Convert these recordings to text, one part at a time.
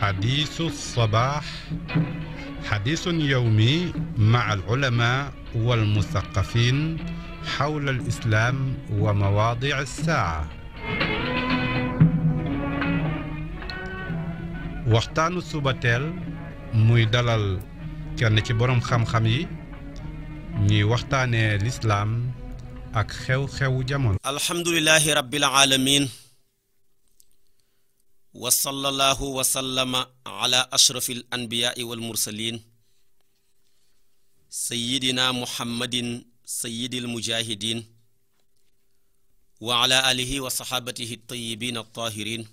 حديث الصباح حديث يومي مع العلماء والمثقفين حول الإسلام ومواضع الساعة waxtaanu subateel muy dalal kenn ci boroom xam-xam yi ñuy waxtaanee lislaam ak xew-xewu jamono alhamdulillahi rabbil alamin wa sallallahu wa sallama ala ashrafil anbiyaai wal sayidina muhammadin sayidil mujahidin wa ala wa saxaabatihi tayyibin altahirin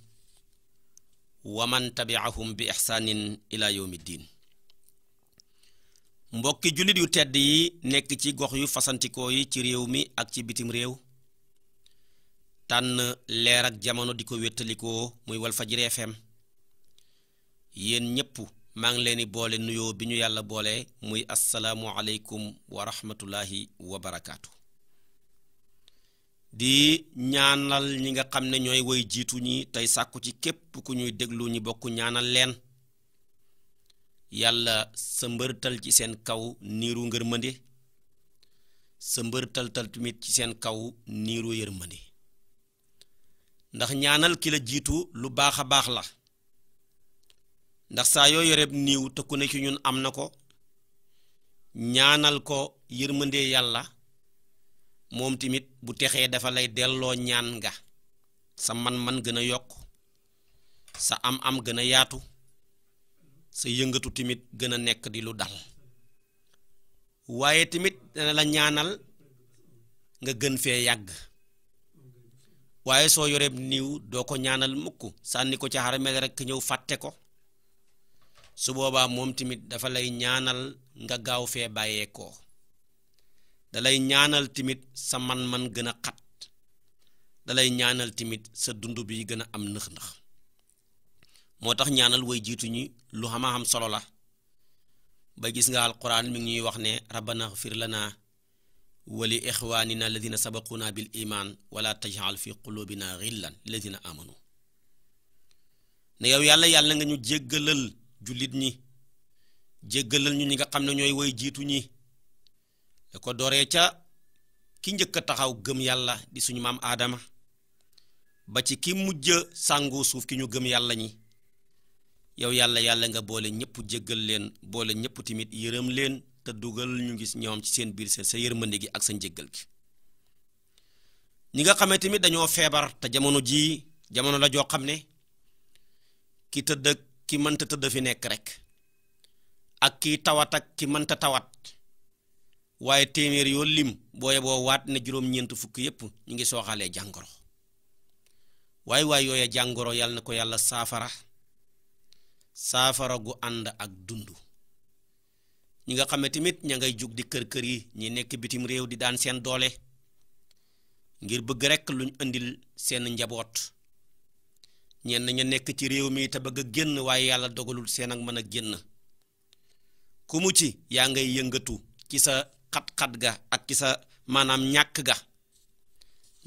wa man tabiahum bi ixsaanin ila yawmi mbokki jullit yu tedd yi nekk ci gox yu fasantikoo yi ci réew mi ak ci bitim réew tànn leer ak jamono di ko wettalikoo muy Walfajri FM yéen ñëpp maa ngi leen di boole nuyoo bi ñu yàlla boole muy asalaamu aleykum wa rahmatullahi wa barakaatu. di ñaanal ñi nga xam ne ñooy woy jiitu ñi tey sàkku ci képp ku ñuy déglu ñi bokk ñaanal leen yàlla sa mbërtal ci seen kaw niiru ngërmande sa mbërtal tal ci seen kaw niiru yërmande ndax ñaanal ki la jiitu lu baax a baax la ndax saa yoo yoreb niiw te ku ne ci ñun am na ko ñaanal ko yërmandee yàlla moom tamit bu texee dafa lay delloo ñaan nga sa man-man gën a yokk sa am-am gën a yaatu sa yëngatu tamit gën a nekk di lu dal waaye tamit dana la ñaanal nga gën fee yàgg waaye soo yoreeb niiw doo ko ñaanal mukk sànni ko ci xaramel rek ñëw fàtte ko su boobaa moom tamit dafa lay ñaanal nga gaaw fee bàyyeekoo da lay ñaanal tamit sa man-man gën a xat da ñaanal tamit sa dund bi gën a am nëx-nëx moo tax ñaanal way jiitu ñi lu xama xam solo la ba gis nga alquran mi ngi ñuy wax ne rabbana xfir lana wali ixwaanina alladina sabaquna bil iman wala tajal fi qulubina xillan lilladina amanu ne yow yàlla yàlla nga ñu jéggalal jullit ñi jéggalal ñu ñi nga xam ne ñooy woy jiitu ñi da ko dooree ca ki njëkk a taxaw gëm yàlla di suñu maam aadama ba ci ki mujj sàngoo suuf ki ñu gëm yàlla ñi yow yàlla yàlla nga boole ñëpp jéggal leen boole ñëpp tamit yërëm leen te dugal ñu gis ñoom ci seen biir seen sa yërmande gi ak sa njëggal gi ñi nga xamee tamit dañoo feebar te jamono jii jamono la joo xam ne ki tëdd ak ki mënta tëdd fi nekk rek ak ki tawat ak ki mënta tawat waaye téeméer yoo lim booye boo waat ne juróom-ñeent fukk yépp ñu ngi sooxalee jàngoro waaye waaye yooya jàngoro yàlla na ko yàlla saafara saafara gu ànd ak dund ñi nga xam ne tamit ña ngay jug di kër kër yi ñu nekk bitim réew di daan seen doole ngir bëgg rekk luñ indil seen njaboot ñenn ñu nekk ci réew mi te bëgg a génn waaye yàlla dogalul seen ak mën a génn ku mu ci yaa ngay yëngatu ci sa xat-xat ga ak ci sa maanaam ñàkk ga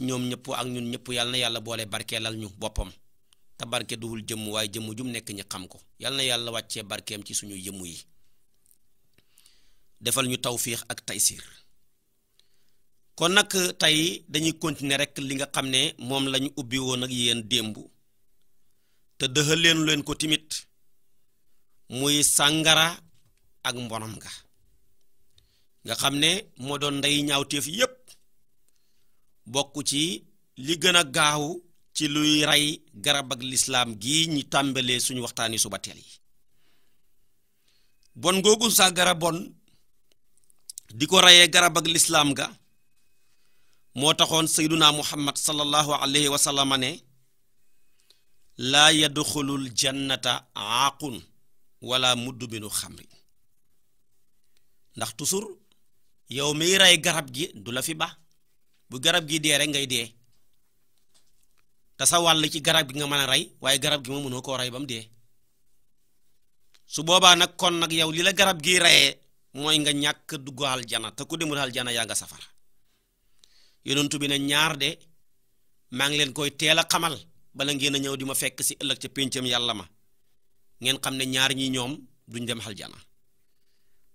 ñoom ñëpp ak ñun ñëpp yàlla na yàlla boole barkeelal ñu boppam te barke duwul jëmm waaye jëmm jum nekk ñi xam ko yàlla na yàlla wàccee barkeem ci suñu jëmm yi defal ñu tawfiix ak taysiir kon nag tey dañuy continuer rek li nga xam ne moom lañu ubbi woon ak yéen démb te dëxal leen leen ko timit muy sàngara ak mbonam nga nga xam ne moo doon ndey ñaawteef yépp bokk ci li gën a gaaw ci luy rey garab ak lislaam gi ñu tàmbalee suñu waxtaani suba teel yi bon googu sàngara bon di ko reyee garab ak lislaam ga moo taxoon sayduna muhammad sallallahu alayhi wa sallam ne laa yadxulul jannata aaqun wala muddubinu xamri ndax toujours yow mi rey garab gi du la fi ba bu garab gi dee rek ngay dee te sa wàll ci garab gi nga mën a rey waaye garab gi moom mënoo koo rey ba mu dee su boobaa nag kon nag yow li la garab gi reyee mooy nga ñàkk dugg aljana te ku demul aljana yaa nga safara yonentu bi ne ñaar de maa ngi leen koy teel a xamal bala ngeen a ñëw di ma fekk si ëllëg ca péncam yàlla ma ngeen xam ne ñaar ñi ñoom duñ dem aljana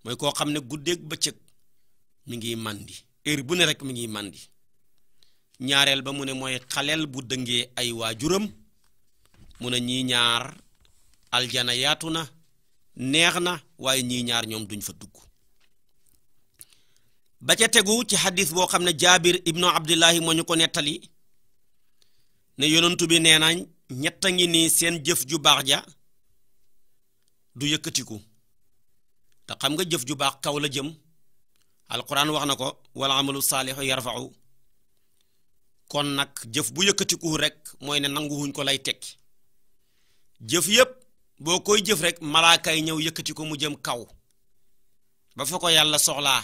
mooy koo xam ne guddeeg bëccëg mu ngi màndi heure bu ne rek mi ngi màndi ñaareel ba mu ne mooy xaleel bu dëngee ay waajuram mu ne ñii ñaar aljana yaatu na neex na waaye ñii ñaar ñoom duñ fa dugg ba ca tegu ci xadis boo xam ne jaabir ibnu abdillahi moo ñu ko nettali ne yonantu bi nee na ñett a ngi nii seen jëf ju baax ja du yëkkatiku te xam nga jëf ju baax kaw la jëm alquran wax na ko wal amalu saalixu yarfau kon nag jëf bu yëkkatiku rek mooy ne nanguwuñ ko lay tekki jëf yépp boo koy jëf rek malaaka yi ñëw yëkkati ko mu jëm kaw ba yàlla soxlaa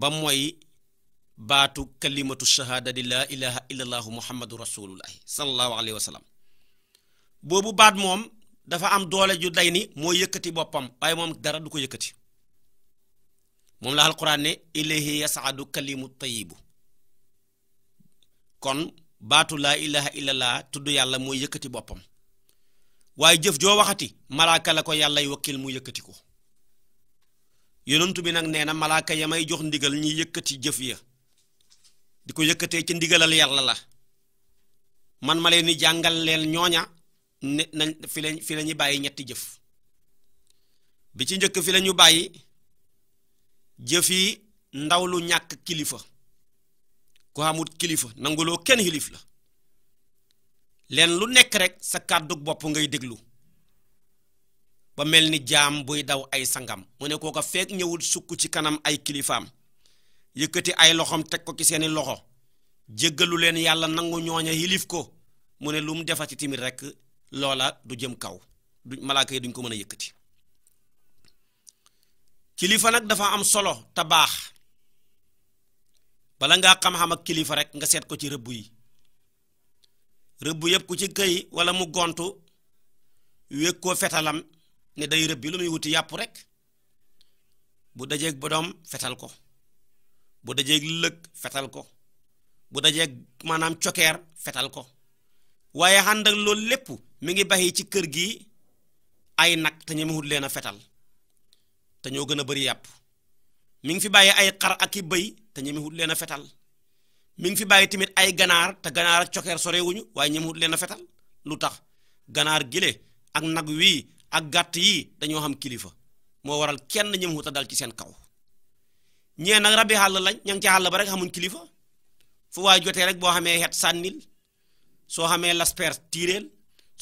ba mooy baatu kalimatu shahaada di laa ilaha illallahu muhammadu rasulullahi sallallahu alayhi wa boobu baat moom dafa am doole ju day ni moo yëkkati boppam waaye moom dara du ko yëkkati moom la alquran ne ilayhi yasaadu kalimu tayibu kon baatu laa ilaha illallah tudd yàlla mooy yëkkati boppam waaye jëf joo waxati malaaka la ko yàllay wakkil mu yëkkati ko yonentu bi nag nee na malaaka ya may jox ndigal ñi yëkkati jëf ya di ko yëkkatee ci ndigalal yàlla la man ma leen jàngal leen ñooña ne nañ fi lañ ñu bàyyi ñetti jëf bi ci njëkk fi la ñu bàyyi jëf yi ndaw lu ñàkk kilifa ku xamut kilifa nanguloo kenn xilif la leen lu nekk rek sa kàddug bopp ngay déglu ba mel ni jaam buy daw ay sangam mu ne kooka feek ñëwul sukk ci kanam ay kilifaam yëkkati ay loxoom teg ko ci seeni loxo jéggalu leen yàlla nangu ñooña yilif ko mu ne lu mu ci timit rekk loola du jëm kaw du malaaka yi duñ ko mën a yëkkati kilifa nag dafa am solo te baax bala nga xam-xam ak kilifa rek nga seet ko ci rëbb yi rëbb yëpp ku ci këy walla mu gont wéeg fetalam ne day rëbbi lu muy wuti yàpp rek bu dajeeg bodoom fetal ko bu dajeeg lëg fetal ko bu dajeeg maanaam cokeer fetal ko waaye ànd ak loolu lépp mi ngi baxi ci kër gi ay nag te ñemewut leen a fetal te ñoo gën a bari yàpp mu ngi fi bàyyi ay xar ak i bëy te ñemewut leen a fetal mu ngi fi bàyyi tamit ay ganaar te ganaar ak cokeer sorewuñu waaye ñemewut leen a fetal lu tax ganaar gile ak nag wii ak gàtt yi dañoo xam kilifa moo waral kenn ñëm xuta dal ci seen kaw ñee nag rabi xàll lañ ña ngi ci xàll ba rek xamuñ kilifa fu waay jotee rek boo xamee xet sànnil soo xamee lasper tiireel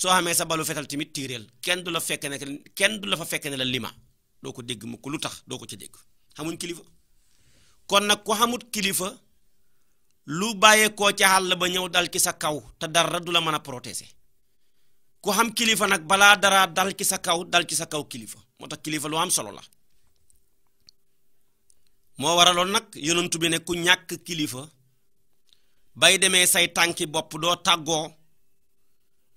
soo xamee sa balu fetal tamit tiireel kenn du la fekk ne kenn du la fa fekk ne la lima doo ko dégg mukk lu tax doo ko ci dégg xamuñ kilifa kon nag ku xamut kilifa lu bàyyeekoo ci xàll ba ñëw dal ci sa kaw te dara du la mën a protéger ku xam kilifa nag balaa dara dal ci sa kaw dal ci sa kaw kilifa moo tax kilifa lu am solo la moo waraloon nag yonantu bi ne ku ñàkk kilifa bay demee say tànki bopp doo tàggoo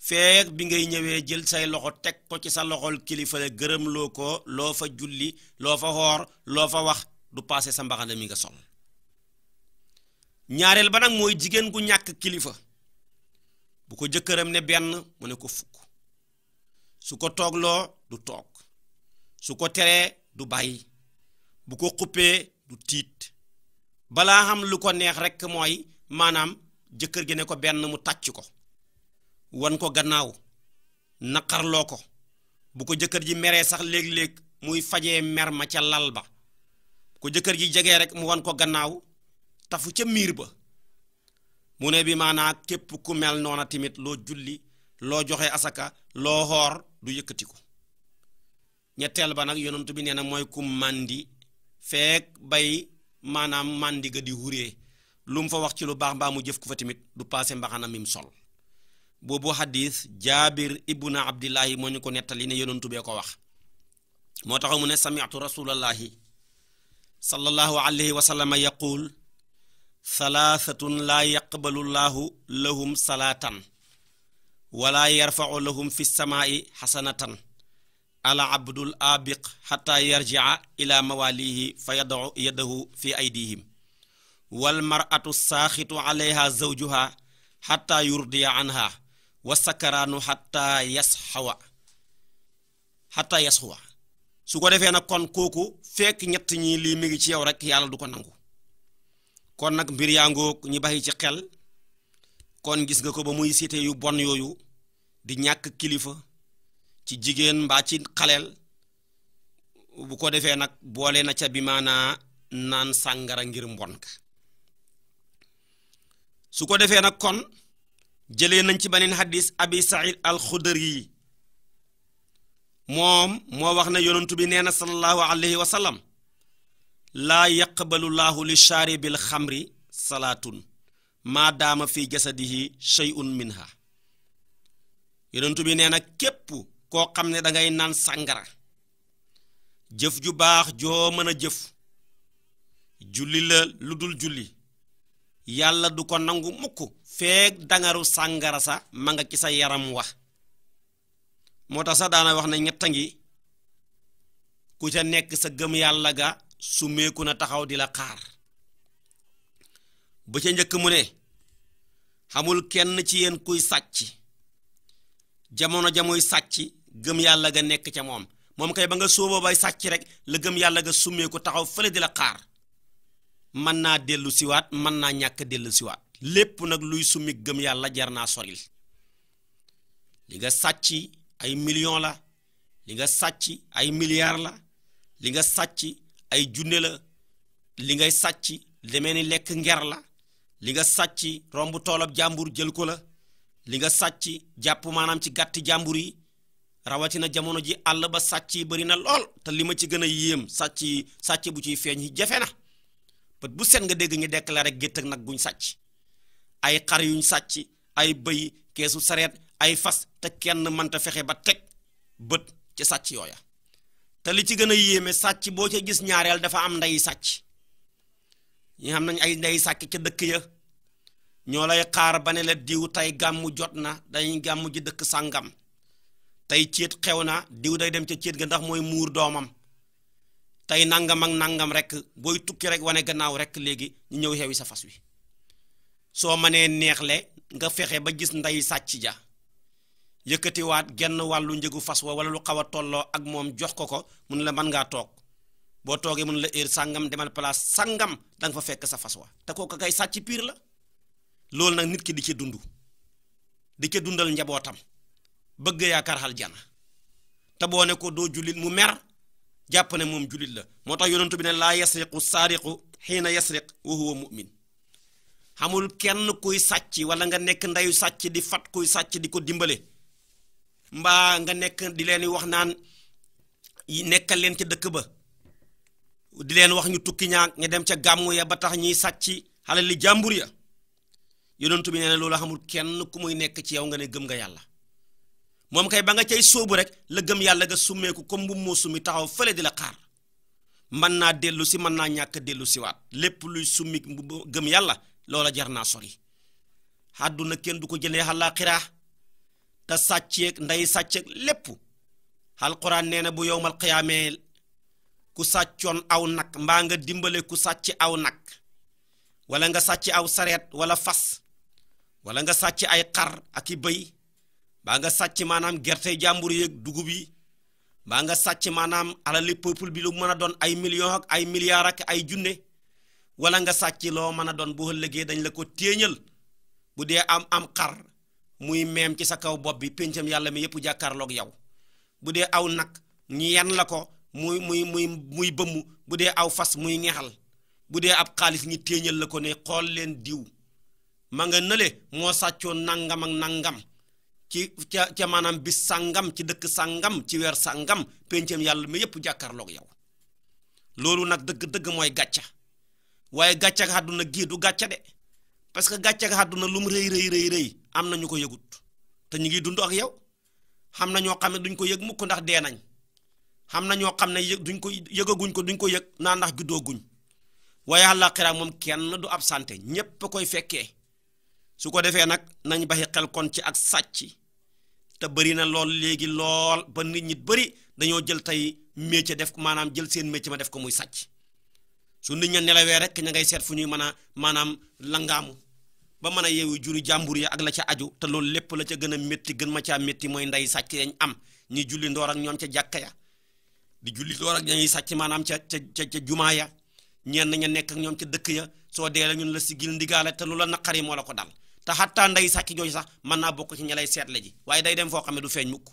feek bi ngay ñëwee jël say loxo teg ko ci sa loxol kilifa la gërëm loo ko loo fa julli loo fa xoor loo fa wax du paase sa mbaxana mi nga sol ñaareel ba nag mooy jigéen gu ñàkk kilifa bu ko jëkkëram ne benn mu ne ko fukk su ko toogloo du toog su ko teree du bàyyi bu ko xuppee du tiit balaa xam lu ko neex rekk mooy maanaam jëkkër gi ne ko benn mu tàcc ko wan ko gannaaw naqarloo ko bu ko jëkkër ji meree sax léeg-léeg muy fajee mer ma ca lal ba ko jëkkër ji jegee rek mu wan ko gannaaw tafu ca miir ba mu bi maanaa képp ku mel noona tamit loo julli loo joxe asaka loo xoor du yëkkatiku ñetteel ba nag yonent bi nee na mooy ku màndi feek bay maanaam màndi ga di huree fa wax ci lu baax mbaa mu jëf ko fa tamit du pasé mbaxana mim sol boobu hadis jaabir ibnu abdillahi moo ñu ko nettali ne yonent bee ko wax moo tax mu ne sami'tu rasulallahi sallallahu alayhi wa yaquul salaasatun la yaqbalu llaahu lahum salaatan wala yarfau lahum fi samaai xasanatan al abdul abiq xata yarjia ila mawalihi fa yadau yadahu fi aydihim wal maratu saaxitu alayha zawjuha xata yurdiya anha wa sakaraanu xata yasxawa su ko defee nag kon kooku fekk ñett ñi lii mi ngi ci yow rek yàlla du ko nangu kon nag mbir yaa ñu bàyyi ci xel kon gis nga ko ba muy cité yu bon yooyu di ñàkk kilifa ci jigéen mbaa ci xaleel bu ko defee nag boole na ca bi maanaa naan sàngara ngir mbon su ko defee nag kon jëlee nañ ci beneen xadis abi said al xudari yi moom moo wax ne yonentu bi nee na sallallahu alayhi wa sallam laa yaqbalu laahu li shaaribil xamri salaatun maadaama fi jasadihi shay'un minha yonentu bi nee képp koo xam ne dangay naan sàngara jëf ju baax joo mën a jëf julli la lu dul julli yàlla du ko nangu mukk feek dangaru sàngara sa ma nga ci sa yaram wax moo tax sax daana wax ñett a ngi ku ca nekk sa gëm yàlla ga summeeku na taxaw di la xaar ba ca njëkk mu ne xamul kenn ci yéen kuy sàcc jamono jamuy sàcc gëm yàlla ga nekk ca moom moom kay ba nga sooboo bay sàcc rekk la gëm yàlla ga summeeku taxaw fële di la xaar mën naa dellu siwaat mën naa ñàkk dellu siwaat lépp nag luy summi gëm yàlla jar naa soril li nga sàcc ay million la li nga sàcc ay milliar la li nga sàcc ay junne la li ngay sàcc demee ni lekk nger la li nga sàcc romb toolab jàmbur jël ko la li nga sàcc jàpp maanaam ci gàtt jàmbur yi rawatina jamono ji àll ba sàcc yi bari na lool te li ma ci gën a yéem sàcc yi sàcc bu ciy feeñ jafe na bët bu set nga dégg dekk déclaré gétt ak nag guñ sàcc ay xar yuñ sàcc ay bëy keesu sareet ay fas te kenn mënta fexe ba teg bët ci sàcc yooya te li ci gën a yéeme sàcc boo ca gis ñaareel dafa am ndey sàcc ñi xam nañ ay ndey sàcc ca dëkk ya ñoo lay xaar ba ne la diw tey gàmmu jot na dañ gàmmu ji dëkk sàngam tey céet xew na diw day dem ca céet ga ndax mooy muur doomam tey nangam ak nangam rek booy tukki rek wane gannaaw rek léegi ñu ñëw xewi sa fas wi soo mënee neexle nga fexe ba gis ndey sàcc ja yëkkatiwaat genn wàllu njëgu fas wa wala lu xaw a tolloo ak moom jox ko ko mun la mën ngaa toog boo toogee mun la heure sàngam demal place sàngam danga nga fa fekk sa fas wa te ko kay sàcc piir la loolu nag nit ki di ci dund di ci dundal njabootam bëgg yaakaar xal te boo ne ko doo jullit mu mer jàpp ne moom jullit la moo tax yonentu bi ne laa yasriqu saariqu xiina yasriq wa huwa mu'min xamul kenn kuy sàcc wala nga nekk ndeyu sàcc di fat kuy sàcc di ko dimbale mbaa nga nekk di leen wax naan nekkal leen ca dëkk ba di leen wax ñu tukki ñaa nga dem ca gàmmu ya ba tax ñuy sàcc xalal li jàmbur ya yonentu bi nee na loolu xamul kenn ku muy nekk ci yow nga ne gëm nga yàlla moom kay ba nga cay sóobu rek la gëm yàlla nga summeeku comme bu moo summi taxaw fële di la xaar mën naa dellu si mën naa ñàkk dellu si waat lépp luy summi gëm yàlla loola jar naa sori àdduna kenn du ko jëlee xalaa xiraa te sàcceeg ndey sàcceeg lépp alquran nee na bu yowmal qiyaamee ku sàccoon aw nag mbaa nga dimbale ku sàcc aw nag wala nga sàcc aw sareet wala fas wala nga sàcc ay xar ak i bëy mbaa nga sàcc maanaam gerte jàmbur yeeg dugub yi mbaa nga sàcc maanaam alali peuple bi lu mën a doon ay million ay milliar ak ay junne wala nga sàcc loo mën a doon boo dañ la ko téeñal bu dee am am xar muy meem ci sa kaw bopp bi péncam yàlla mi yëpp jàkkaarloog yow bu dee aw nag ñu yan la ko muy muy muy muy bëmm bu dee aw fas muy ñexal bu dee ab xaalis ñi téeñal la ko ne xool leen diw ma nga nële moo sàccoon nangam ak nangam ci ca ca maanaam bis sàngam ci dëkk sangam ci weer sangam péncam yàlla mi yëpp jàkkaarloog yow loolu nag dëgg-dëgg mooy gàcca waaye gàcca ak àdduna gii du gàcca de parce que gàcca ak àdduna lu mu rëy rëy rëy rëy am na ñu ko yëgut te ñu ngi dund ak yow xam na ñoo xam ne duñ ko yëg mukk ndax dee nañ xam na ñoo xam ne yëg duñ ko yëgaguñ ko duñ ko yëg naa ndax juddooguñ waaye àllaaxira moom kenn du ab santé ñépp a koy fekkee su ko defee nag nañ baxi xel kon ci ak sàcc te bëri na lool léegi lool ba nit ñi bëri dañoo jël tey métier def ko maanaam jël seen métier ma def ko muy sàcc su nit ña nelawee rek ña ngay seet fu ñuy mën a maanaam langaamu ba mën a yeewu juri jàmbur ya ak la ca aju te loolu lépp la ca gën a métti gën ma caa métti mooy nday sàcc yañ am ñi julli ndoor ak ñoom ca jàkka ya di julli ndoor ak ñuy sàcc maanaam ca ca ca ca jumaa ya ñeen ña nekk ak ñoom ca dëkk ya soo dee la ñun la sigil ndigaale te lu la naqari moo la ko dal te xattaa nday sàcc jooju sax mën naa bokk ci ña lay seetle ji waaye day dem foo xam ne du feeñ mukk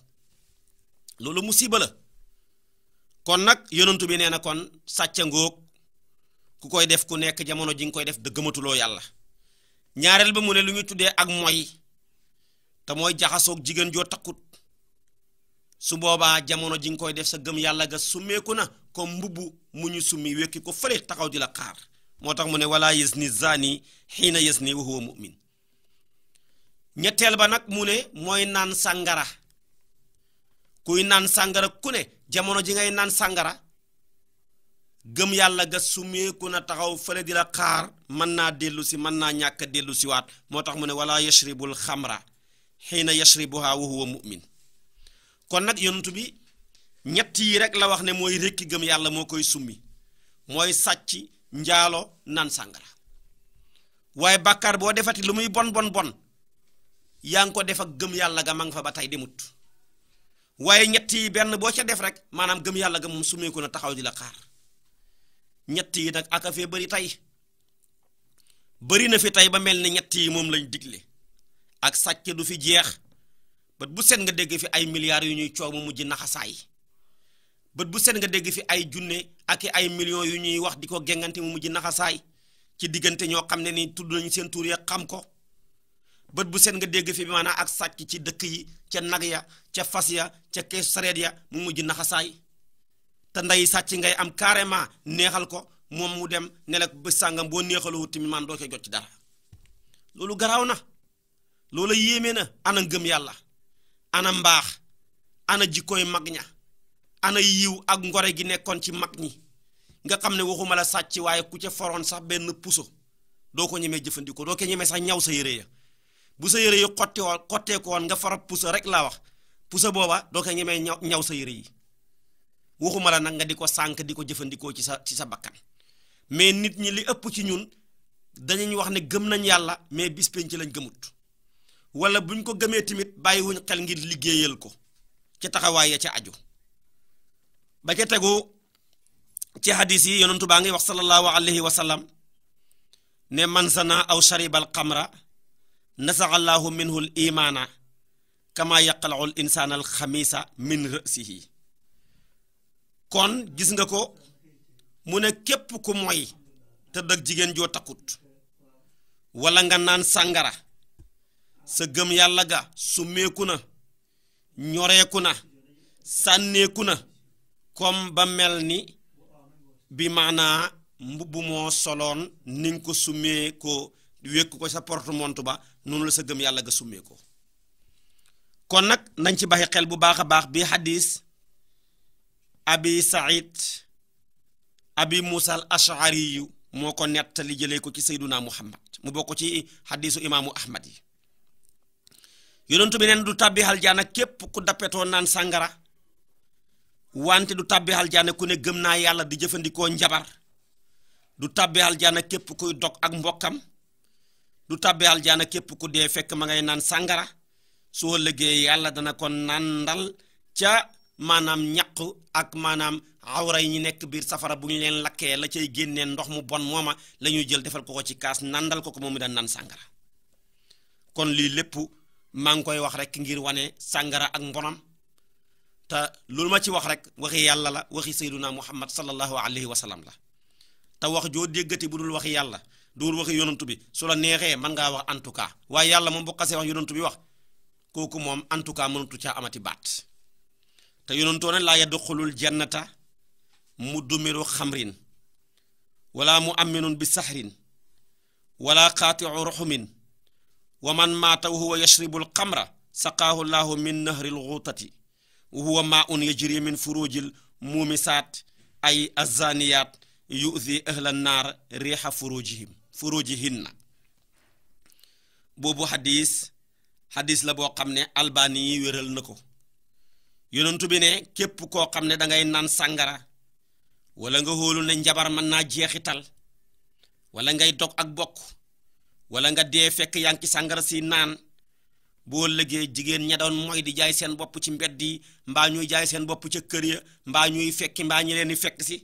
loolu musiba la kon nag yonantu bi nee na kon sàcc ngoog ku koy def ku nekk jamono ji nga koy def dëgg yàlla ñaareel ba mu ne lu ñu tuddee ak mooy te mooy jaxasoog jigéen joo takkut su boobaa jamono ji nga koy def sa gëm yàlla ga summeeku na comme mbubb mu ñu summi ko fële taxaw di la xaar moo tax mu ne wala yazni zani xiina yazni wa huwa mu'min ñetteel ba nag mu ne mooy naan sàngara kuy naan sàngara ku ne jamono ji ngay naan sangara gëm yàlla ga sumeeku na taxaw fële di la xaar mën naa dellu si mën naa ñàkk a dellu si waat moo tax mu ne wala yashribul xamra xiina yashribuha wa huwa mu'min kon nag yonent bi ñetti yi rek la wax ne mooy rekki gëm yàlla moo koy summi mooy sàcc njaalo naan sàngara waaye bàkkaar boo defati lu muy bon bon bon yaa ngi ko def ak gëm yàlla ga ma nga fa ba tey di mut waaye ñetti yi benn boo ca def rek maanaam gëm yàlla ga moom sumeeku na taxaw di la xaar ñett yi nag aka fee bari tey bëri na fi tey ba mel ni ñett yi moom lañ digle ak sàcc du fi jeex bët bu set nga dégg fi ay milliards yu ñuy coow mu mujj naxasaay bët bu set nga dégg fi ay junne ak ay millions yu ñuy wax di ko géngante mu mujj naxasaay ci diggante ñoo xam ne nii tudd nañu seen tur ya xam ko bët bu set nga dégg fi maanaam ak sàcc ci dëkk yi ca nag ya ca fas ya ca kees sareet ya mu mujj naxasaay te nday sàcc ngay am carrément neexal ko moom mu dem ne ba sàngam boo neexaloo tamit maam doo koy jot ci dara loolu garaaw na loolu yéeme na ana ngëm yàlla ana mbaax ana jikkooy mag ña ana yiw ak ngore gi nekkoon ci mag ñi nga xam ne waxuma la sàcc waaye ku ca foroon sax benn puso doo ko ñemee jëfandikoo doo ko ñemee sax ñaw sa yére ya bu sa yére yi xotteekoon nga farab puso rek laa wax puso booba doo ko ñemee ñaw ñaw sa yére yi waxuma la nag di ko sànq di ko jëfandikoo ci sa ci sa bakkan mais nit ñi li ëpp ci ñun dañuy wax ne gëm nañ yàlla mais bis penc lañ gëmut wala buñ ko gëmee tamit bàyyiwuñ xel ngir liggéeyal ko ca taxawaay ya ca aju ba ca tegu ci hadis yi yonentu baa ngi wax sallallahu alayhi wa sallam ne man sana aw sharibal xamra nasaxa allahu minhu l imaana kama yaqalaxul insaana al xamisa min rasihi kon gis nga ko mu ne képp ku moy te dëgg jigéen joo takkut wala nga naan sàngara sa gëm yàlla ga summeeku na ñoreeku na sànneeku na kom ba mel ni bi maanaa mbubb moo soloon ni ko summee ko ko sa porte-monnaie ba noonu la sa gëm yàlla ga summee kon nag nañ ci baxi xel bu baax baax bii xadis abi said abi musa al ashariyu moo ko nettali jëlee ko ci sayduna muhammad mu bokk ci xadisu imaamu ahmad yi neen du tàbbi aljaana képp ku dappetoo naan sàngara wante du tàbbi aljaana ku ne gëm naa yàlla di jëfandikoo njabar du tàbbi aljaana képp kuy dog ak mbokkam du tàbbi aljaana képp ku dee fekk ma naan sàngara soo lëggee yàlla dana ko naan ca maanaam ñaq ak maanaam awra yi ñu nekk biir safara bu ñu leen lakkee la cay génne ndox mu bon mooma la ñuy jël defar ko ko ci kaas nandal ko ko moom mi daan nan sàngara kon lii lépp maa ngi koy wax rek ngir wane sàngara ak mbonam te loolu ma ci wax rek waxi yàlla la waxi sayyiduna muhammad sallallahu alayhi wa sallam la te wax joo déggati bu dul waxi yàlla duul waxi yonantu bi su la neexee man ngaa wax en tout cas waaye yàlla moom bu xasee wax yonantu bi wax kooku moom en tout cas mënatu caa amati baat te yonentoo ne laa yadxulul jannata mu dumiru xamrin wala mu aminun bi saxrin wala qaatiu ruxumin wa man maata wa huwa yashribu alxamra saqaahu llahu min nahril xuutati wa huwa maa un yajri min furujil muumisaat ay azaniyaat yu'di ahla naar riixa furujihim furujihinna boobu xadis xadis la boo xam ne albaani yi wéral na ko yonentu bi ne képp koo xam ne dangay naan sàngara wala nga hóolu ne njabar mën naa jeexital wala ngay dog ak bokk wala nga dee fekk yaa ngi sàngara si naan boo lëgee jigéen ña doon moy di jaay seen bopp ci mbedd yi mbaa ñuy jaay seen bopp ca kër ya mbaa ñuy fekki mbaa ñu leen di fekk si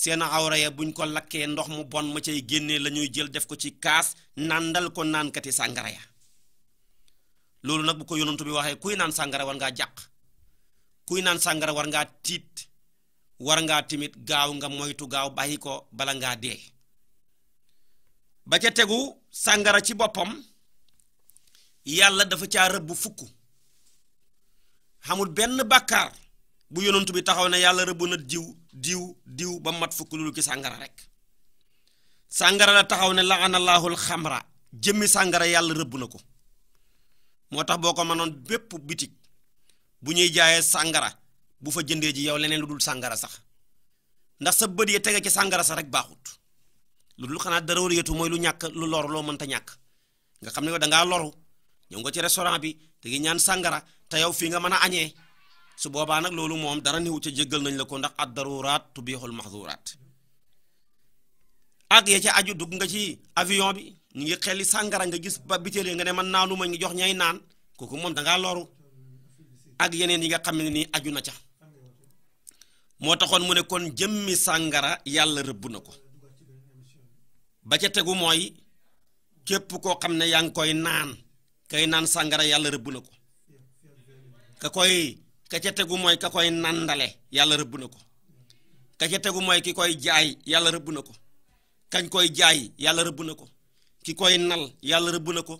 seen awra ya buñ ko lakkee ndox mu bon ma cay génnee la ñuy jël def ko ci kaas nàndal ko naankati sàngara ya loolu nag bu ko yonantu bi waxee kuy naan sàngara war ngaa jàq kuy naan sàngara war ngaa tiit war ngaa timit gaaw nga moytu gaaw bàyyi ko bala ngaa dee ba ca tegu sàngara ci boppam yàlla dafa caa rëbb fukk xamul benn bàkkaar bu yonent bi taxaw ne yàlla rëbb na diw diw diw ba mat fukk lu ci sàngara rek sàngara la taxaw ne laanallahul xamra jëmmi sàngara yàlla rëbb na ko moo tax boo ko mënoon bépp bitig bu ñuy jaayee sàngara bu fa jëndee ji yow leneen lu dul sàngara sax ndax sa bët yi tege ci sàngara sax rek baaxut lu dul xanaa dara wala mooy lu ñàkk lu lor loo ta ñàkk nga xam ne yow da ngaa loru ñëw nga ci bi te ñaan sàngara te yow fi nga mën a añee su boobaa nag loolu moom dara néew ca jéggal nañ la ko ndax ad daruraat tubixul maxduraat ak ya ca aju dugg nga ci avion bi ñu ngi xelli sàngara nga gis ba bitéel nga ne man naanu ma ñu jox ñay naan kooku moom da loru ak yeneen yi nga xam ni nii aju na ca moo taxoon mu ne kon jëmmi sàngara yàlla rëbb na ko ba ca tegu mooy képp koo xam ne yaa ngi koy naan kay naan sàngara yàlla rëbb ko ka koy ka ca mooy ka koy nandale yàlla rëbb na ko ka ca tegu mooy ki koy jaay yàlla rëbb na ko kañ koy jaay yàlla rëbb na ko ki koy nal yàlla rëbb na ko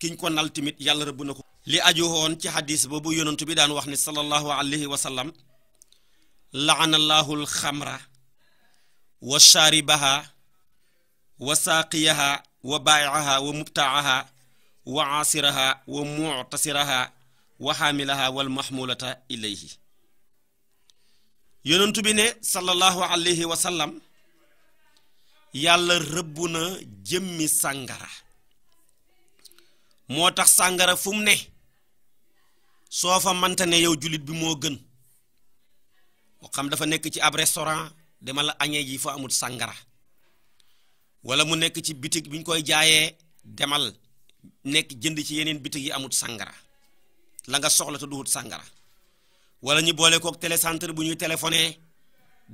kiñ ko nal yàlla rëbb na ko li aju woon ci xadis boobu yonantu bi daan wax ne sallallahu alayhi wa sallam laanallahu alxamra wa shaaribaha wa saaqiyaha wa baaiaha wa mubtaaha wa asiraha wa muctasiraha wa xaamilaha wal mahmulata ilayhi yonentu bi ne sallallahu alayhi wa yàlla rëbb na jëmmi sàngara moo tax sàngara fu mu ne soo fa manta ne yow jullit bi moo gën moo xam dafa nekk ci ab restaurant demal la añee ji foo amut sàngara wala mu nekk ci bitig bi ñu koy jaayee demal nekk jënd ci yeneen bitig yi amut sàngara la nga soxla te duhut sàngara wala ñu boole kook télécentre bu ñuy téléphoné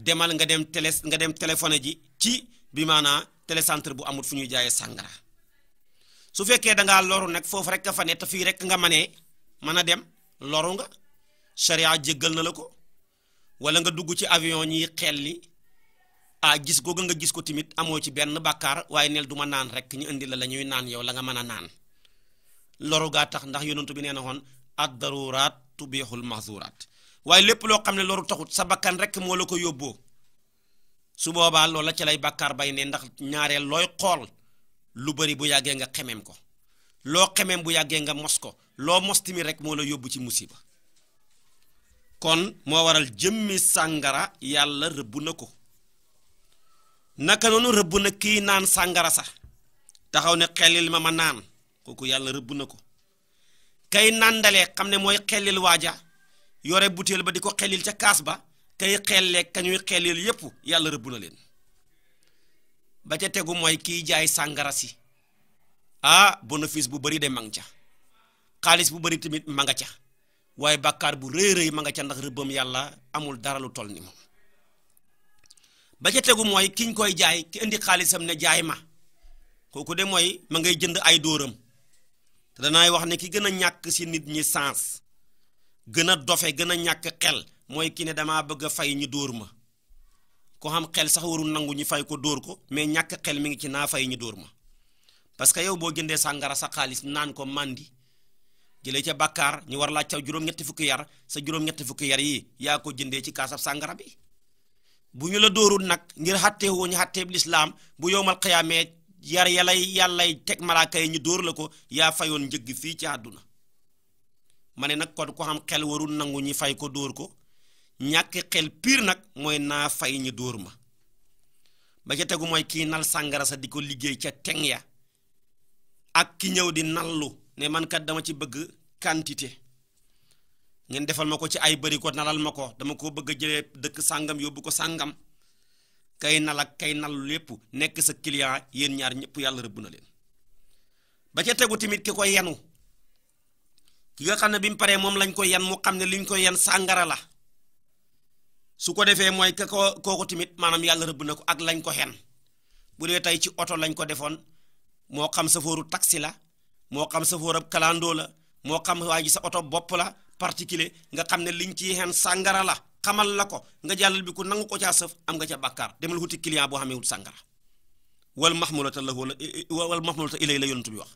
demal nga dem télé nga dem téléphoné ji ci bi maanaa télécentre bu amut fu ñuy jaayee sàngara su fekkee da loru nag foofu rek fa ne te fii rek nga manee mën a dem loru nga sharia jéggal na la ko wala nga dugg ci avion ñi xel li ah gis googa nga gis ko tamit amoo ci benn bakkaar waaye neel du ma naan rek ñu indi la la ñuy naan yow la nga mën a naan loru gaa tax ndax yonent bi nee na woon ad daruraat tubixul mahzuraat waaye lépp loo xam ne loru taxut sa bakkan rek moo la ko yóbboo su boobaa loola ci lay bàkkaar bay ne ndax ñaareel looy xool lu bari bu yàggee nga xemeem ko loo xemeem bu yàggee nga mos ko loo mos tamit rek moo la yóbbu ci musiba kon moo waral jëmmi sàngara yàlla rëbb na ko naka noonu rëbb na kii naan sàngara sax taxaw ne xelil ma ma naan kooku yàlla rëbb na ko kay nàndalee xam ne mooy xelil waaja yore butéel ba di ko xellil ca kaas ba kay xellee kañuy xelil yépp yàlla rëbb na leen ba ca tegu mooy kiy jaay sàngara si ah bénéfice bu bari de ma nga xaalis bu bari tamit ma nga ca waaye bàkkaar bu rëy rëy ma nga ca ndax rëbbam yàlla amul dara lu toll ni moom ba ca tegu mooy kiñ koy jaay ki indi xaalisam ne jaay ma kooku de mooy ma ngay jënd ay dóoram danay wax ne ki gën a ñàkk si nit ñi sens gën a dofe gën a ñàkk xel mooy kii ne damaa bëgg a fay ñu dóor ma ku xam xel sax warul nangu ñu fay ko dóor ko mais ñàkk xel mi ngi ci naa fay ñu dóor ma parce que yow boo jëndee sàngara sa xaalis naan ko màndi jëlee ca bàkkaar ñu war laa caw juróom-ñetti fukki yar sa juróom-ñetti fukki yar yi yaa ko jëndee ci kaasab sàngara bi bu ñu la dóorul nag ngir xàttee woo ñu xàtteeb lislaam bu yowmal xiyaamee yar yàllay yàllay teg malaaka yi ñu dóor la ko yaa fayoon njëgg fii ci àdduna ma ne nag kon ku xam xel warul nangu ñi fay ko dóor ko ñàkk xel piir nag mooy naa fay ñu dóor ma ba ca tegu mooy kii nal sàngara sa di ko liggéey ca teng ya ak ki ñëw di nallu ne man kat dama ci bëgg quantité ngeen defal ma ko ci ay bëri ko nalal ma ko dama ko bëgg a jële dëkk sàngam yóbbu ko sàngam kay nal ak kay nalu yépp nekk sa client yéen ñaar ñëpp yàlla rëbb na leen ba ca tegu tamit ki ko yanu ki nga xam ne bi mu paree moom lañ ko yan mu xam ne liñ ko yan sàngara la su ko defee mooy ka ko kooku tamit maanaam yàlla rëbb na ko ak lañ ko xen bu dee tey ci oto lañ ko defoon moo xam safooru taxi la moo xam safooru kalandoo la moo xam waa ji sa oto bopp la particulier nga xam ne liñ ciy xen sàngara la xamal la ko nga jàllal bi ku nangu ko caa sëf am nga ca bàkkaar demal wuti client boo xamee wut sàngara wal mahmulata lahu wal mahmulata ilay la yonent bi wax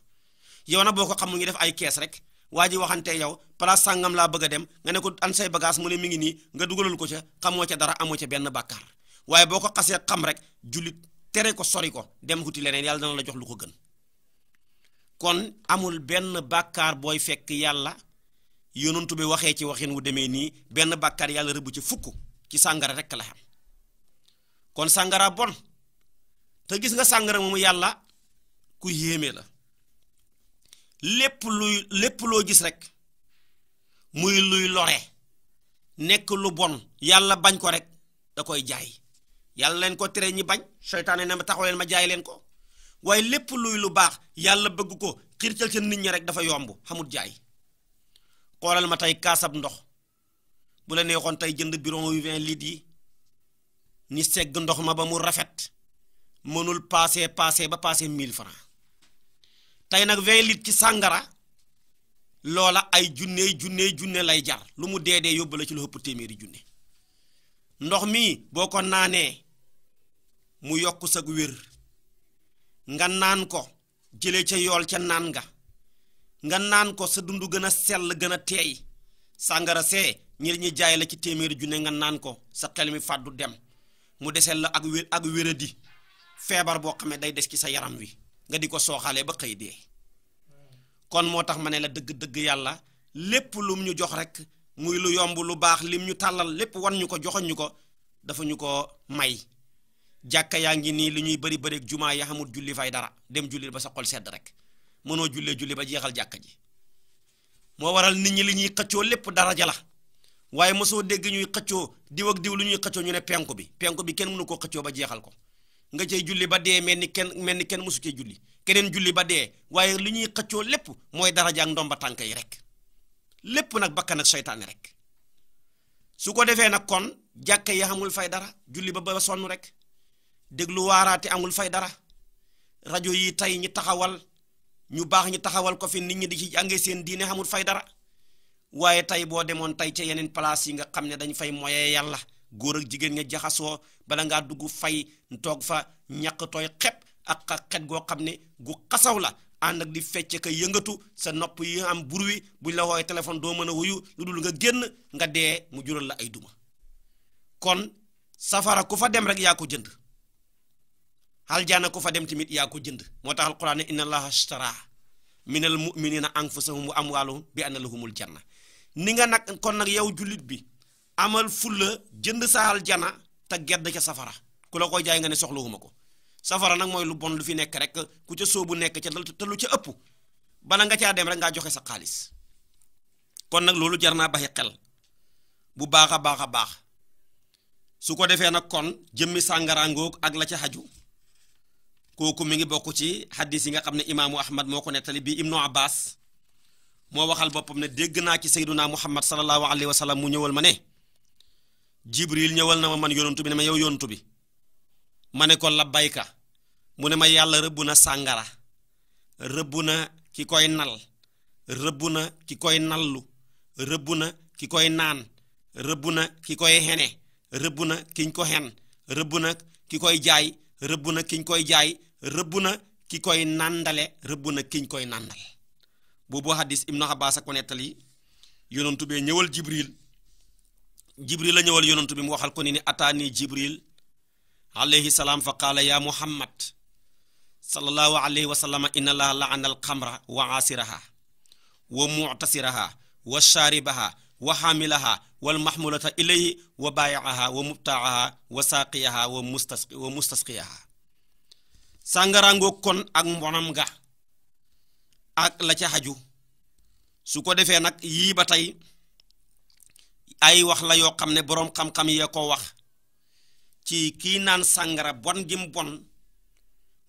yow nag boo ko xam mu ngi def ay kees rek waa ji waxante yow place sàngam laa bëgg a dem nga ne ko am say bagage mu ne mi ngi nii nga dugalal ko ca xamoo ca dara amoo ca benn bàkkaar waaye boo ko xasee xam rek jullit tere ko sori ko dem xuti leneen yàlla dana la jox lu ko gën kon amul benn bàkkaar booy fekk yàlla yonantu bi waxee ci waxin wu demee nii benn bàkkaar yàlla rëbb ca fukk ci sàngara rekk la xam kon sàngara bon te gis nga sàngara moomu yàlla ku yéeme la lépp luy lépp loo gis rek muy luy lore nekk lu bon yàlla bañ ko rek da koy jaay yàlla leen ko tere ñi bañ seytaane ne ma taxaw leen ma jaay leen ko waaye lépp luy lu baax yàlla bëgg ko xiirtal seen nit ñi rek dafa yomb xamut jaay xoolal ma tey kaasab ndox bu la neexoon tey jënd biron yu vingt litres yi ni segg ndox ma ba mu rafet mënul paase paase ba paase mille francs tey nag vingt litres ci sàngara loola ay junneey junneey junne lay jar lu mu dee dee yóbbu la ci lu ëpp téeméeri junne ndox mi boo ko naanee mu yokk sag wér nga naan ko jële ca yool ca naan nga nga naan ko sa dund gën a sell gën a teey sàngara see ñi ñi jaay la ci téeméeri junne nga naan ko sa xel mi fàddu dem mu desel la ak wér ak di feebar boo xam ne day des ci sa yaram wi nga di ko sooxalee ba xëy dee kon moo tax ma ne la dëgg-dëgg yàlla lépp lum ñu jox rek muy lu yomb lu baax lim ñu tàllal lépp wan ñu ko joxoñ ñu ko dafa ñu ko may jàkka yaa ngi nii lu ñuy bëri bëri jumaa ya xamul julli fay dara dem julli ba sa xol sedd rek mënoo jullee julli ba jeexal jàkka ji moo waral nit ñi li ñuy xëccoo lépp daraja la waaye mosoo dégg ñuy xëccoo diw ak diw lu ñuy xëccoo ñu ne penku bi penku bi kenn mënu koo xëccoo ba jeexal ko nga cay julli ba dee mel ni kenn mel ni kenn mosu cay julli keneen julli ba dee waaye li ñuy xëccoo lépp mooy daraja ak ba tànk yi rek lépp nag bakkan ak seytaane rek su ko defee nag kon jàkka yi amul fay dara julli ba ba sonn rek déglu amul fay dara rajo yi tey ñi taxawal ñu baax ñi taxawal ko fi nit ñi di ci jàngee seen diine amul fay dara waaye tey boo demoon tey ci yeneen place yi nga xam ne dañ fay moyee yàlla góor ak jigéen nga jaxasoo bala ngaa dugg fay toog fa ñàq tooy xep ak xet goo xam ne gu xasaw la ànd ak di fecc ka yëngatu sa nopp yi am bruit buñ la woowee téléphone doo mën a wuyu lu dul nga génn nga dee mu jural la ay duma kon safara ku fa dem rek yaa ko jënd aljaana ku fa dem tamit yaa ko jënd moo tax alquran ne inna allaha ashtara minal muminina anfusahum wa amwaalahum bi anna lahumul janna ni nga nag kon nag yow jullit bi amal fulla jënd sa aljana te gedd ca safara ku la koy jaay nga ne soxlawuma ko safara nag mooy lu bon lu fi nekk rek ku ca bu nekk ca ta lu ca ëpp bala nga caa dem rek ngaa joxe sa xaalis kon nag loolu jar naa baxi xel bu baax a baax a baax su ko defee nag kon jëmmi sàngaraangoog ak la ca xaju kooku mi ngi bokk ci xaddis yi nga xam ne imaamu ahmad moo ko nettali bi ibnu abbas moo waxal boppam ne dégg naa ci sayduna muhammad sallallahu alayhi wa sallam mu ñëwal ma ne jibril ñëwal na ma man yonantu bi ne ma yow yonantu bi ma ne ko labbayka mu ne ma yàlla rëbb na sàngara rëbb na ki koy nal rëbb na ki koy nallu rëbb na ki koy naan rëbb na ki koy xene rëbb na kiñ ko xen rëbb na ki koy jaay rëbb na kiñ koy jaay rëbb na ki koy nàndale rëbb na kiñ koy nàndal boobu hadis ibnu Abbas a ko nettali yonantu bee ñëwal jibril jibril la ñëwal yonantu bi waxal ko ni ataani jibril alayhi salaam fa qaala yaa muhammad sallallahu alayhi wa sallam inna allaha laana alxamra wa asiraha wa muctasiraha wa shaaribaha wa xaamilaha wal maxmulata ilayhi wa baayicaha wa mubtaacaha wa saaqiyaha wa mustas wa mustasqiyaha sàngaraangoo ak mbonam nga ak la ca su ko defee nag yii ba ay wax la yoo xam ne boroom xam-xam yee ko wax ci kii naan sàngara bon gi bon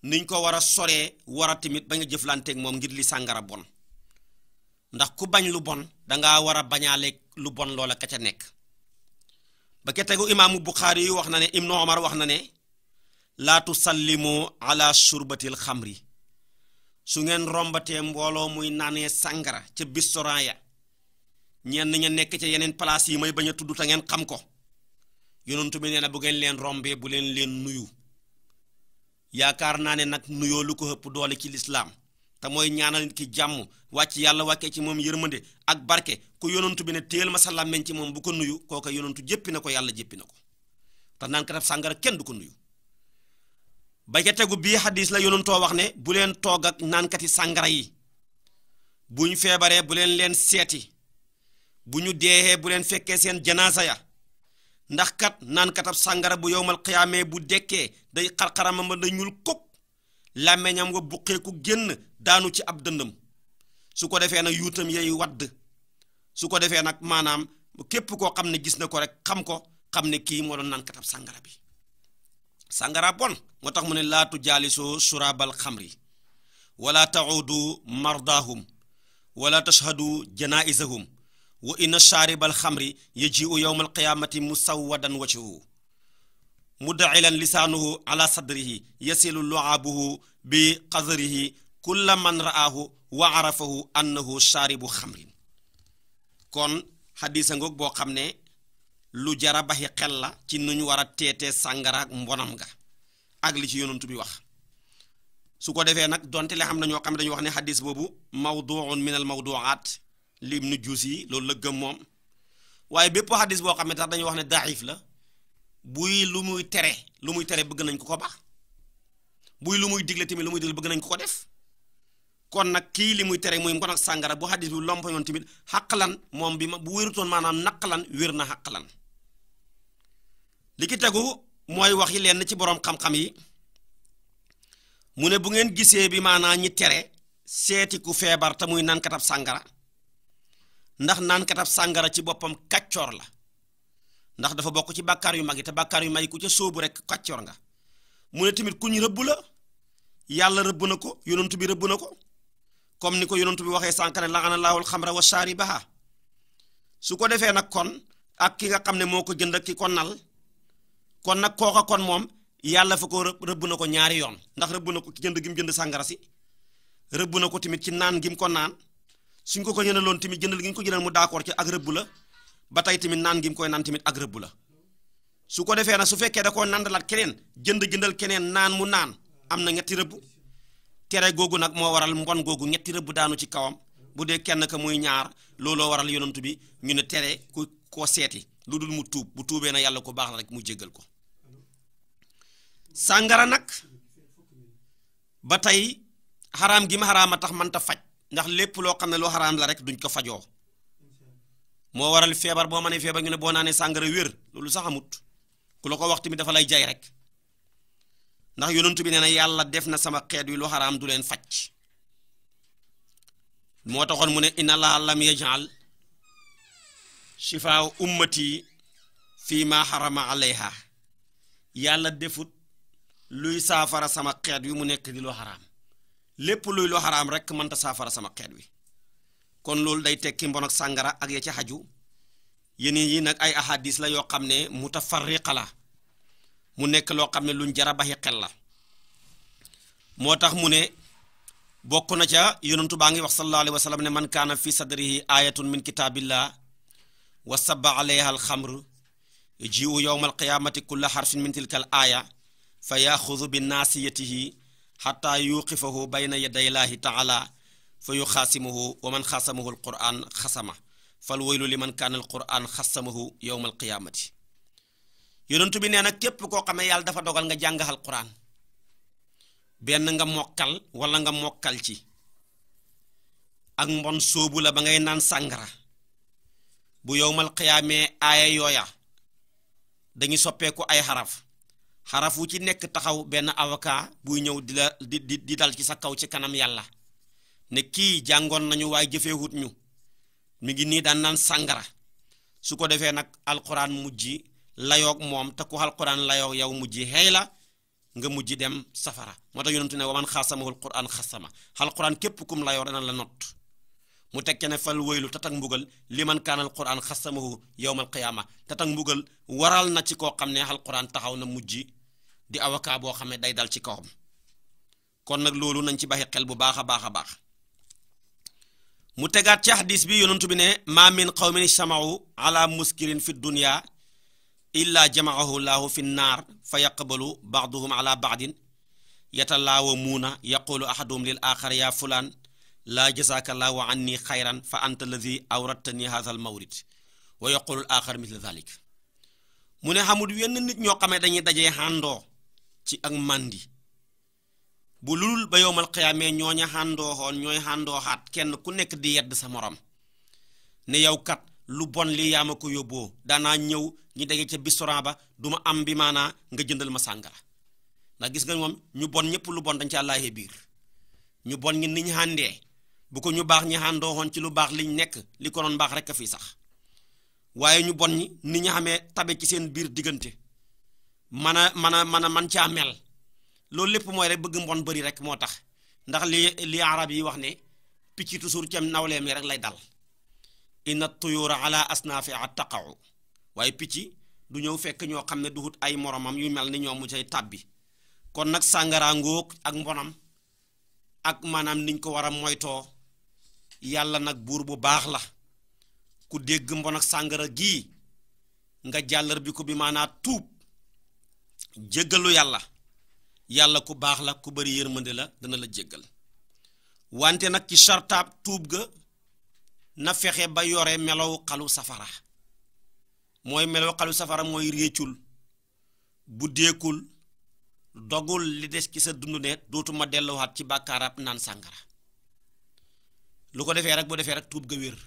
niñ ko war a soree war a tamit ba nga jëflanteeg moom ngir li sàngara bon ndax ku bañ lu bon danga war a bañaaleeg lu bon loola ka ca nekk ba ke tegu imaamu Buxaari yu wax na ne Ibnu Omar wax na ne laa tusallimu ala surbatil xamri su ngeen rombatee mbooloo muy naanee sàngara ca bistoran ya ñenn ña nekk ca yeneen place yi may bañ a tudd te ngeen xam ko yonentu bi neen na bu leen rombee bu leen leen nuyu yaakaar naa ne nag nuyoo lu ko ëpp doole ci lislaam te mooy ñaanal ki jàmm wàcc yàlla wàccee ci moom yërmande ak barke ku yonentu bi ne téel ma sa làmmeñ ci moom bu ko nuyu kooka yonentu jéppi na ko yàlla jéppi na ko te naan sàngara kenn du ko nuyu ba ca tegu bii xadis la yonentoo wax ne bu leen toog ak naankati sàngara yi buñ feebaree bu leen leen seeti bu ñu dee bu leen fekkee seen janaasa ya ndax kat naan katab sàngara bu yowmal xiyaamee bu dekkee day xarxarama ma da ñul kuk làmmeñam wa buqeeku génn daanu ci ab dëndam su ko defee nag yuutam yay wadd su ko defee nag maanaam képp koo xam ne gis na ko rek xam ko xam ne kii moo doon naan sàngara bi sàngara moo tax mu ne laatu jaalisoo suraabal xamri wala taudu mardahum wala tashhadu janaisahum wa inna shaaribal xamri yaji'u yawmal qiyaamati musawwadan wajhuhu mudda'ilan lisaanuhu ala sadrihi yasilu lu'aabuhu bi qadrihi kulla man ra'aahu wa arafahu annahu shaaribu xamrin kon xadisa ngoog boo xam ne lu jara baxi xel la ci nu ñu war a teetee sàngara ak mbonam nga ak li ci yonantu bi wax su ko defee nag donte le xam na ñoo xam ne dañu wax ne xadis boobu mawduun min al lim nu juus yi loolu la gëm moom waaye bépp xadis boo xam ne tax dañuy wax ne daif la buy lu muy tere lu muy tere bëgg nañ ko ko baax buy lu muy digle tamit lu muy digle bëgg nañ ko ko def kon nag kii li muy tere muy kon ak sàngara bu xadis bi lompañoon tamit lan moom bi ma bu wérutoon maanaam naqalan wér na lan li ki tegu mooy wax leen ci boroom xam-xam yi mu ne bu ngeen gisee bi maanaam ñi tere seeti ku feebar te muy naan katab ndax naankatab sàngara ci boppam kàccoor la ndax dafa bokk ci bàkkaar yu mag yi te bàkkaar yu mag yi ku ca sóobu rek kàccoor nga mu ne tamit ku ñu rëbb la yàlla rëbb na ko yonent bi rëbb na ko comme ni ko yonent bi waxee sànq ne laana xam xamra wa saari baa su ko defee nag kon ak ki nga xam ne moo ko jënd ak ki ko nal kon nag kooka kon moom yàlla fa ko rëbb na ko ñaari yoon ndax rëbb na ko ki jënd gi jënd sàngara si rëbb na ko tamit ci naan gi mu naan suñ ko ko jëndaloon tamit jëndal gi ñu ko jëndal mu d'accord ci ak rëbb la ba tey tamit naan gi koy naan tamit ak rëbb la su ko defee nag su fekkee da koo nandalaat keneen jënd jëndal keneen naan mu naan am na ñetti rëbb tere googu nag moo waral mbon googu ñetti rëbb daanu ci kawam bu dee kenn ka muy ñaar looloo waral yonantu bi ñu ne tere ku koo seeti lu dul mu tuub bu tuubee na yàlla ko baax la rek mu jéggal ko sàngara nag ba tey xaraam gi ma xaraama tax mënta faj ndax lépp loo xam ne lu xaraam la rek duñ ko fajoo moo waral feebar boo ma mënee feebar ñu ne boo naanee sàngara wér loolu sax amut ku la ko wax tamit dafa lay jay rek ndax yonentu bi nee na yàlla def na sama xeet wi lu xaraam du leen faj moo taxoon mu ne inna laa lam yajal shifaa ummati fii ma xarama yàlla defut luy saafara sama xeet wi mu nekk di lu xaraam lépp luy lu xaraam rek mënta saafara sama xeet wi kon loolu day tekki mbon ak sàngara ak ya ci xaju yeneen yi nag ay ahadis la yoo xam ne mutafarriqa la mu nekk loo xam ne luñ jara xel la moo tax mu ne bokk na ca yonentu baa ngi wax sallallahu alayhi wa ne man kaana fi sadrihi ayatun min kitaabillah wa saba alayha alxamr jiwu yowma alqiyamati kulla xarfin min tilka al fa yaxudu bi naasiyatihi xataa yuqifahu bayna yaday laahi taala fa yuxaasimahu wa man xaasamahu alquran xasama fal man kaana alquran xasamahu yowma alqiyaamati yonentu bi nee nag képp koo xamee yàlla dafa dogal nga jàng alquran benn nga mokkal walla nga mokkal ci ak mbon sóobu la ba ngay naan sàngara bu yowmal qiyaamee aaya yooya dañu soppeeku ay xaraf xaraf ci nekk taxaw benn avocat buy ñëw di la di di di dal ci sa kaw ci kanam yàlla ne kii jàngoon nañu waaye jëfeewut ñu mi ngi nii daan naan sàngara su ko defee nag alquran mujji layoog moom te ku alquran layoog yow mujji xëy la nga mujji dem safara moo tax yonentu ne waman xaasamahu alquran xasama alquran képp kum layoog dana la nott mu tekke ne fal waylu tatak mbugal li man kaanal quran xasamahu yowmal qiyaama tatak mbugal waral na ci koo xam ne al quran taxaw na mujj di awaka boo xam ne day dal ci kawam kon nag loolu nañ ci baxi xel bu baax a baax a baax mu tegaat ci hadis bi yonentu bi ne ma min qawmin ijtamacu ala muskirin fi dunya illa jamaahu laahu fi nnaar fa yaqbalu baaduhum ala baadin yatalaawamuuna yaqulu ahaduhum lil axar ya fulaan laa jazaaka laahu anni xayran fa anta alladi awrattani haha al wa yaqulu al axar misla zalik mu ne xamul wenn nit ñoo xamee dañuy dajee xàndoo ci ak màndi bu lulul ba yowmal xiyaamee ñooña xàndoo xoon ñooy xàndoo xaat kenn ku nekk di yedd sa moroom ne yow kat lu bon li yaa ma ko yóbboo daanaa ñëw ñi dege ca bistoran ba du ma am bi maanaa nga jëndal ma sàngara ndax gis nga moom ñu bon ñëpp lu bon dañ ca àllaaye biir ñu bon ñi niñ xàndee bu ko ñu baax ñi xàndooxoon ci lu baax liñ nekk li ko doon baax rek a fii sax waaye ñu bon ñi ni ñu xamee tabe ci seen biir diggante man a man a man a man caa mel loolu lépp mooy rek bëgg mbon bëri rek moo tax ndax li li arab yi wax ne picc toujours cam nawleem yi rek lay dal inna tuyura ala a taqaw waaye picc du ñëw fekk ñoo xam ne duhut ay moromam yu mel ni ñoom mu cay tàbbi kon nag sàngaraangoog ak mbonam ak maanaam niñ ko war a moytoo yàlla nag buur bu baax la ku dégg mbon ak sàngara gii nga jàllarbi ko bi maanaa tuub jéggalu yàlla yàlla ku baax la ku bari yërmande la dana la jéggal wante nag ci sartaab tuub ga na fexe ba yore melow xalu safara mooy melow xalu safara mooy réccul buddeekul dogul li des ci sa dund ne dootuma delluwaat ci bàkkaarab naan sàngara lu ko defee rek bu defee rek tuub ga wér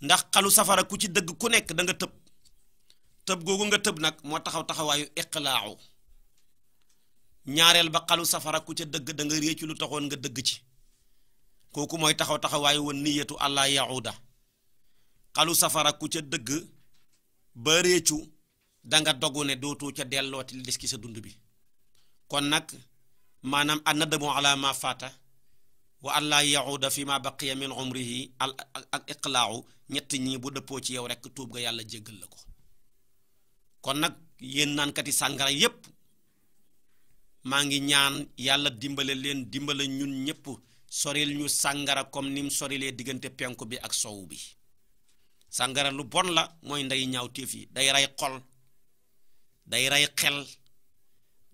ndax xalu safara ku ci dëgg ku nekk danga tëb tëb googu nga tëb nag moo taxaw taxawaayu iqlaaxu ñaareel ba xalu safara ku ca dëgg da nga réccu lu taxoon nga dëgg ci kooku mooy taxaw taxawaayu woon niyatu allah yahuda xalu safara ku ca dëgg ba réccu da nga dogu ne dootoo ca dellooti li des ci sa dund bi kon nag maanaam annadamu ala ma fata wa an laa yahuuda fi ma baqiya min umrihi al al iqlaahu ñett ñi bu dëppoo ci yow rek tuub ga yàlla jéggal la ko kon nag yéen naankati sàngara yépp maa ngi ñaan yàlla dimbale leen dimbale ñun ñépp soril ñu sàngara comme ni sorilee diggante penku bi ak sow bi sàngara lu bon la mooy ndey ñaaw téef yi day rey xol day rey xel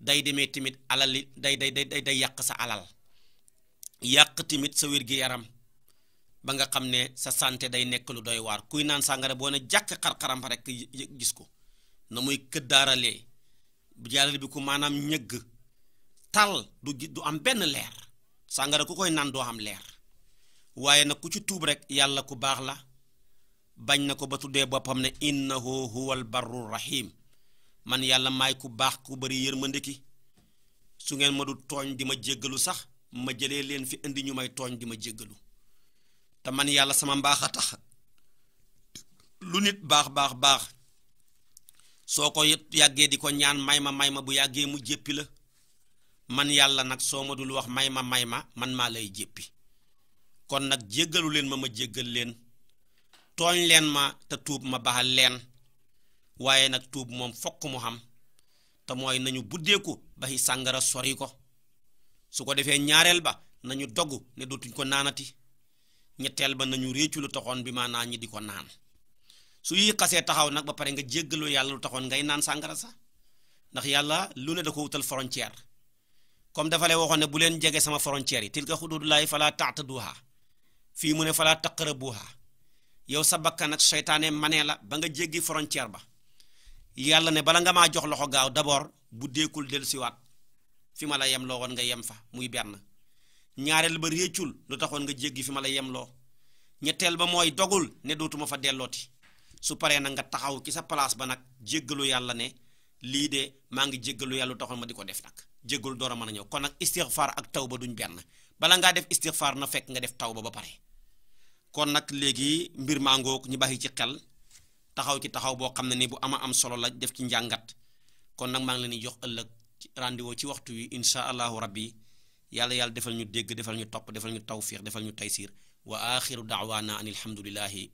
day demee tamit alal day day day day yàq sa alal yàq tamit sa wér gi yaram ba nga xam ne sa sante day nekk lu doy waar kuy naan sàngara boo ne jàkk xar-xaram rek gis ko na muy këddaaralee jàllale bi ko maanaam ñëgg tal du du am benn leer sàngara ku koy naan doo am leer waaye nag ku ci tuub rek yàlla ku baax la bañ na ko ba tuddee boppam ne innahu huwal barru rahim man yàlla may ku baax ku bari yërmande ki su ngeen ma du tooñ di ma jéggalu sax ma jëlee leen fi indi ñu may tooñ di ma jéggalu te man yàlla sama mbaax a tax lu nit baax baax baax soo ko yàggee di ko ñaan may ma may ma bu yàggee mu jéppi la man yàlla nag soo ma wax may ma may ma man maa lay jéppi kon nag jéggalu leen ma ma jéggal leen tooñ leen ma te tuub ma baxal leen waaye nag tuub moom fokk mu xam te mooy nañu buddeeku ba sàngara sori ko su ko defee ñaareel ba nañu dogg ne dootuñ ko naanati ñetteel ba nañu réccu lu taxoon bi ma naa ñi di ko naan su yi taxaw nag ba pare nga jéggalu yàlla lu taxoon ngay naan sàngara sax ndax yàlla lu ne da ko wutal frontière comme dafa lay waxoon ne bu leen jege sama frontière yi tilka xuduudullaahi falaa taataduha fii mu ne falaa taqrabuha yow sa bakkan ak seytaane manee la ba nga jéggi frontière ba yàlla ne bala nga maa jox loxo gaaw d'abord bu deekul dellusiwaat fi ma la yemloo woon nga yem fa muy benn ñaareel ba réccul lu taxoon nga jéggi fi ma la yemloo ñetteel ba mooy dogul ne dootuma fa dellooti su paree nag nga taxaw ci sa place ba nag jéggalu yàlla ne lii de maa ngi jéggalu yàlla lu taxoon ma di ko def nag jéggalu door a mën a ñëw kon nag istixfaar ak taw ba duñ benn bala ngaa def istixfaar na fekk nga def taw ba ba pare kon nag léegi mbir màngook ñu bàyyi ci xel taxaw ci taxaw boo xam ne ni bu ama am solo la def ci njàngat kon nag maa ngi jox ëllëg rendez-vous ci waxtu wi insha allahu rabbi yàlla yàlla defal ñu dégg defal ñu topp defal ñu tawfiq defal ñu taysiir wa axiru daawaana an alhamdulillahi